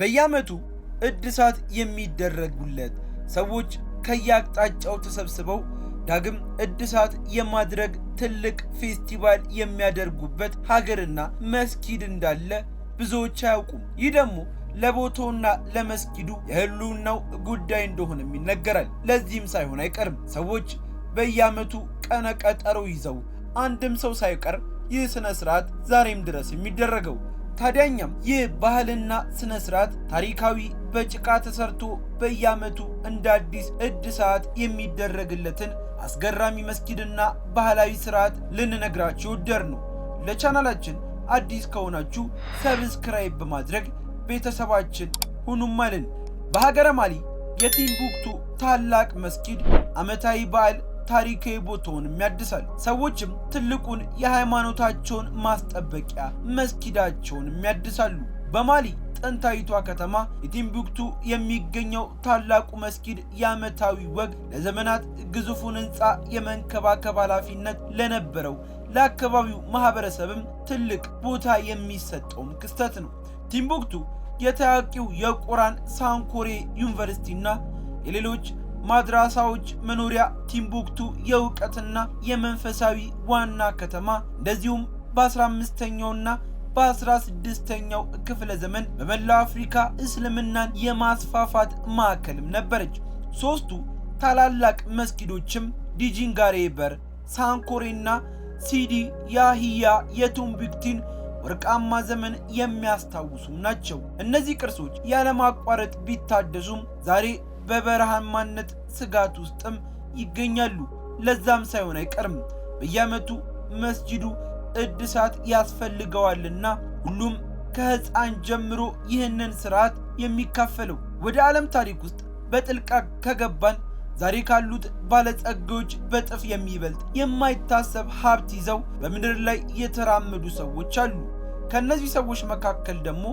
በየዓመቱ እድሳት የሚደረጉለት ሰዎች ከየአቅጣጫው ተሰብስበው ዳግም እድሳት የማድረግ ትልቅ ፌስቲቫል የሚያደርጉበት ሀገርና መስጊድ እንዳለ ብዙዎች አያውቁም። ይህ ደግሞ ለቦታውና ለመስጊዱ የህልውናው ጉዳይ እንደሆነም ይነገራል። ለዚህም ሳይሆን አይቀርም ሰዎች በየዓመቱ ቀነ ቀጠሮ ይዘው አንድም ሰው ሳይቀር ይህ ስነ ስርዓት ዛሬም ድረስ የሚደረገው ታዲያኛም ይህ ባህልና ስነ ስርዓት ታሪካዊ በጭቃ ተሰርቶ በየዓመቱ እንደ አዲስ እድሳት የሚደረግለትን አስገራሚ መስጊድና ባህላዊ ስርዓት ልንነግራችሁ ወደር ነው። ለቻናላችን አዲስ ከሆናችሁ ሰብስክራይብ በማድረግ ቤተሰባችን ሁኑም አልን። በሀገረ ማሊ የቲምቡክቱ ታላቅ መስጊድ ዓመታዊ በዓል ታሪካዊ ቦታውንም ያድሳል። ሰዎችም ትልቁን የሃይማኖታቸውን ማስጠበቂያ መስጊዳቸውንም ያድሳሉ። በማሊ ጥንታዊቷ ከተማ የቲምቡክቱ የሚገኘው ታላቁ መስጊድ የዓመታዊ ወግ ለዘመናት ግዙፉን ሕንፃ የመንከባከብ ኃላፊነት ለነበረው ለአካባቢው ማህበረሰብም ትልቅ ቦታ የሚሰጠውም ክስተት ነው። ቲምቡክቱ የታዋቂው የቁራን ሳንኮሬ ዩኒቨርሲቲና የሌሎች ማድራሳዎች መኖሪያ ቲምቡክቱ የእውቀትና የመንፈሳዊ ዋና ከተማ እንደዚሁም በ15ኛውና በ16ኛው ክፍለ ዘመን በመላው አፍሪካ እስልምናን የማስፋፋት ማዕከልም ነበረች። ሦስቱ ታላላቅ መስጊዶችም ዲጂንጋሬ በር፣ ሳንኮሬና ሲዲ ያህያ የቱምቢክቲን ወርቃማ ዘመን የሚያስታውሱም ናቸው። እነዚህ ቅርሶች ያለማቋረጥ ቢታደሱም ዛሬ በበረሃማነት ስጋት ውስጥም ይገኛሉ። ለዛም ሳይሆን አይቀርም በየዓመቱ መስጂዱ እድሳት ያስፈልገዋልና ሁሉም ከሕፃን ጀምሮ ይህንን ስርዓት የሚካፈለው። ወደ ዓለም ታሪክ ውስጥ በጥልቃ ከገባን ዛሬ ካሉት ባለጸጋዎች በጥፍ የሚበልጥ የማይታሰብ ሀብት ይዘው በምድር ላይ የተራመዱ ሰዎች አሉ። ከእነዚህ ሰዎች መካከል ደግሞ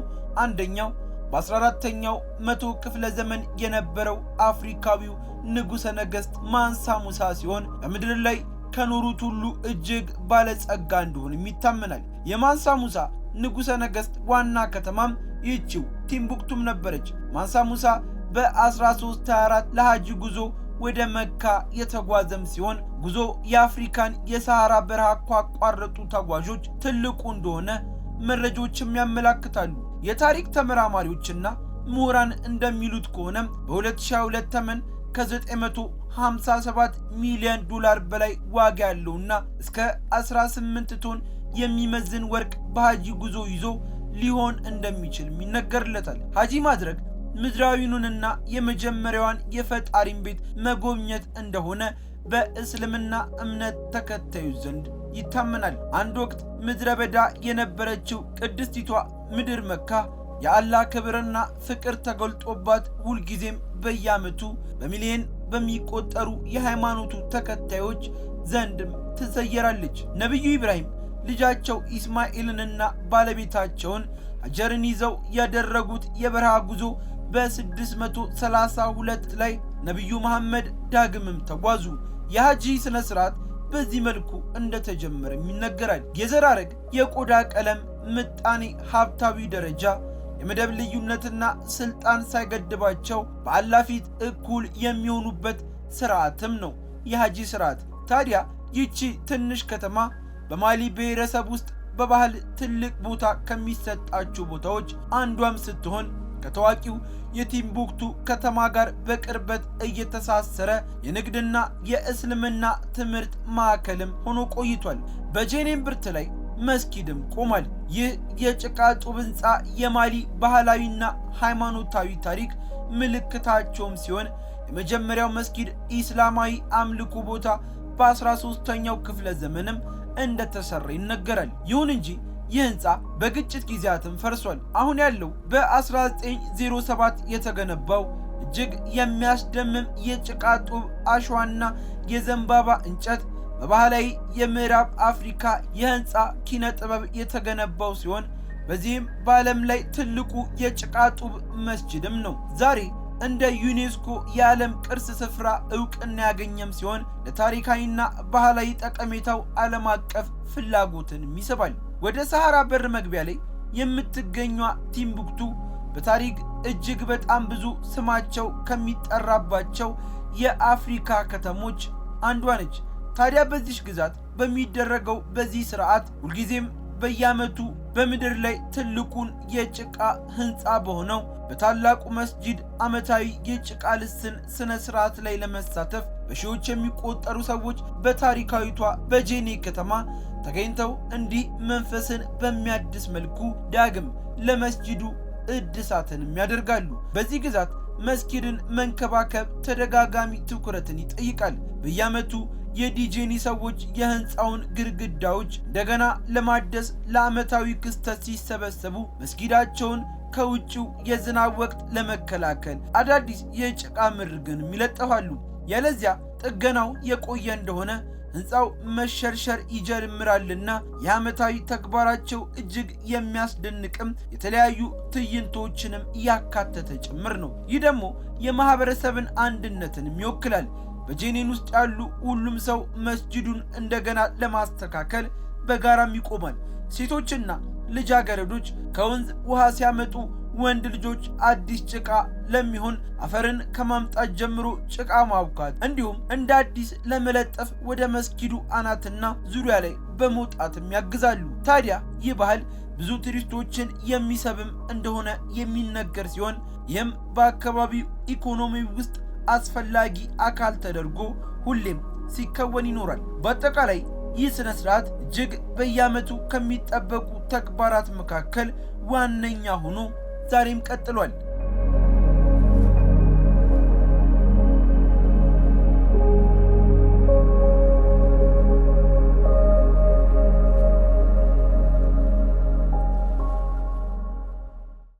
አንደኛው በ14ተኛው መቶ ክፍለ ዘመን የነበረው አፍሪካዊው ንጉሠ ነገሥት ማንሳ ሙሳ ሲሆን በምድር ላይ ከኖሩት ሁሉ እጅግ ባለጸጋ እንደሆንም ይታመናል። የማንሳ ሙሳ ንጉሠ ነገሥት ዋና ከተማም ይህችው ቲምቡክቱም ነበረች። ማንሳ ሙሳ በ1324 ለሐጅ ጉዞ ወደ መካ የተጓዘም ሲሆን ጉዞ የአፍሪካን የሰሐራ በረሃ ካቋረጡ ተጓዦች ትልቁ እንደሆነ መረጃዎችም ያመላክታሉ። የታሪክ ተመራማሪዎችና ምሁራን እንደሚሉት ከሆነም በ2022 ተመን ከ957 ሚሊዮን ዶላር በላይ ዋጋ ያለውና እስከ 18 ቶን የሚመዝን ወርቅ በሀጂ ጉዞ ይዞ ሊሆን እንደሚችልም ይነገርለታል። ሀጂ ማድረግ ምድራዊኑንና የመጀመሪያዋን የፈጣሪን ቤት መጎብኘት እንደሆነ በእስልምና እምነት ተከታዮች ዘንድ ይታመናል። አንድ ወቅት ምድረ በዳ የነበረችው ቅድስቲቷ ምድር መካ የአላህ ክብርና ፍቅር ተገልጦባት ሁልጊዜም በየዓመቱ በሚሊዮን በሚቆጠሩ የሃይማኖቱ ተከታዮች ዘንድም ትዘየራለች። ነቢዩ ኢብራሂም ልጃቸው ኢስማኤልንና ባለቤታቸውን ሀጀርን ይዘው ያደረጉት የበረሃ ጉዞ በ632 ላይ ነቢዩ መሐመድ ዳግምም ተጓዙ። የሐጂ ሥነ ሥርዓት በዚህ መልኩ እንደተጀመረም ይነገራል። የዘር የቆዳ ቀለም፣ ምጣኔ ሀብታዊ ደረጃ፣ የመደብ ልዩነትና ስልጣን ሳይገድባቸው በአላህ ፊት እኩል የሚሆኑበት ስርዓትም ነው የሐጂ ስርዓት። ታዲያ ይቺ ትንሽ ከተማ በማሊ ብሔረሰብ ውስጥ በባህል ትልቅ ቦታ ከሚሰጣቸው ቦታዎች አንዷም ስትሆን ከታዋቂው የቲምቡክቱ ከተማ ጋር በቅርበት እየተሳሰረ የንግድና የእስልምና ትምህርት ማዕከልም ሆኖ ቆይቷል። በጄኔም ብርት ላይ መስጊድም ቆሟል። ይህ የጭቃ ጡብ የማሊ ባህላዊና ሃይማኖታዊ ታሪክ ምልክታቸውም ሲሆን የመጀመሪያው መስጊድ ኢስላማዊ አምልኮ ቦታ በ13ኛው ክፍለ ዘመንም እንደተሰራ ይነገራል። ይሁን እንጂ ይህ ህንፃ በግጭት ጊዜያትም ፈርሷል። አሁን ያለው በ1907 የተገነባው እጅግ የሚያስደምም የጭቃ ጡብ፣ አሸዋና የዘንባባ እንጨት በባህላዊ የምዕራብ አፍሪካ የህንፃ ኪነ ጥበብ የተገነባው ሲሆን በዚህም በዓለም ላይ ትልቁ የጭቃ ጡብ መስጅድም ነው። ዛሬ እንደ ዩኔስኮ የዓለም ቅርስ ስፍራ እውቅና ያገኘም ሲሆን ለታሪካዊና ባህላዊ ጠቀሜታው ዓለም አቀፍ ፍላጎትን ይስባል። ወደ ሰሐራ በር መግቢያ ላይ የምትገኟ ቲምቡክቱ በታሪክ እጅግ በጣም ብዙ ስማቸው ከሚጠራባቸው የአፍሪካ ከተሞች አንዷ ነች። ታዲያ በዚህ ግዛት በሚደረገው በዚህ ስርዓት ሁልጊዜም በየዓመቱ በምድር ላይ ትልቁን የጭቃ ህንፃ በሆነው በታላቁ መስጂድ ዓመታዊ የጭቃ ልስን ስነ ስርዓት ላይ ለመሳተፍ በሺዎች የሚቆጠሩ ሰዎች በታሪካዊቷ በጄኔ ከተማ ተገኝተው እንዲህ መንፈስን በሚያድስ መልኩ ዳግም ለመስጂዱ እድሳትንም ያደርጋሉ። በዚህ ግዛት መስጊድን መንከባከብ ተደጋጋሚ ትኩረትን ይጠይቃል። በየዓመቱ የዲጄኒ ሰዎች የህንፃውን ግድግዳዎች እንደገና ለማደስ ለዓመታዊ ክስተት ሲሰበሰቡ መስጊዳቸውን ከውጭው የዝናብ ወቅት ለመከላከል አዳዲስ የጭቃ ምርግንም ይለጠፋሉ። ያለዚያ ጥገናው የቆየ እንደሆነ ሕንፃው መሸርሸር ይጀምራልና የዓመታዊ ተግባራቸው እጅግ የሚያስደንቅም የተለያዩ ትዕይንቶችንም እያካተተ ጭምር ነው። ይህ ደግሞ የማኅበረሰብን አንድነትንም ይወክላል። በጄኔን ውስጥ ያሉ ሁሉም ሰው መስጅዱን እንደገና ለማስተካከል በጋራም ይቆማል። ሴቶችና ልጃገረዶች ከወንዝ ውሃ ሲያመጡ ወንድ ልጆች አዲስ ጭቃ ለሚሆን አፈርን ከማምጣት ጀምሮ ጭቃ ማቡካት እንዲሁም እንደ አዲስ ለመለጠፍ ወደ መስጊዱ አናትና ዙሪያ ላይ በመውጣትም ያግዛሉ። ታዲያ ይህ ባህል ብዙ ቱሪስቶችን የሚሰብም እንደሆነ የሚነገር ሲሆን ይህም በአካባቢው ኢኮኖሚ ውስጥ አስፈላጊ አካል ተደርጎ ሁሌም ሲከወን ይኖራል። በአጠቃላይ ይህ ስነ ስርዓት እጅግ በየዓመቱ ከሚጠበቁ ተግባራት መካከል ዋነኛ ሆኖ ዛሬም ቀጥሏል።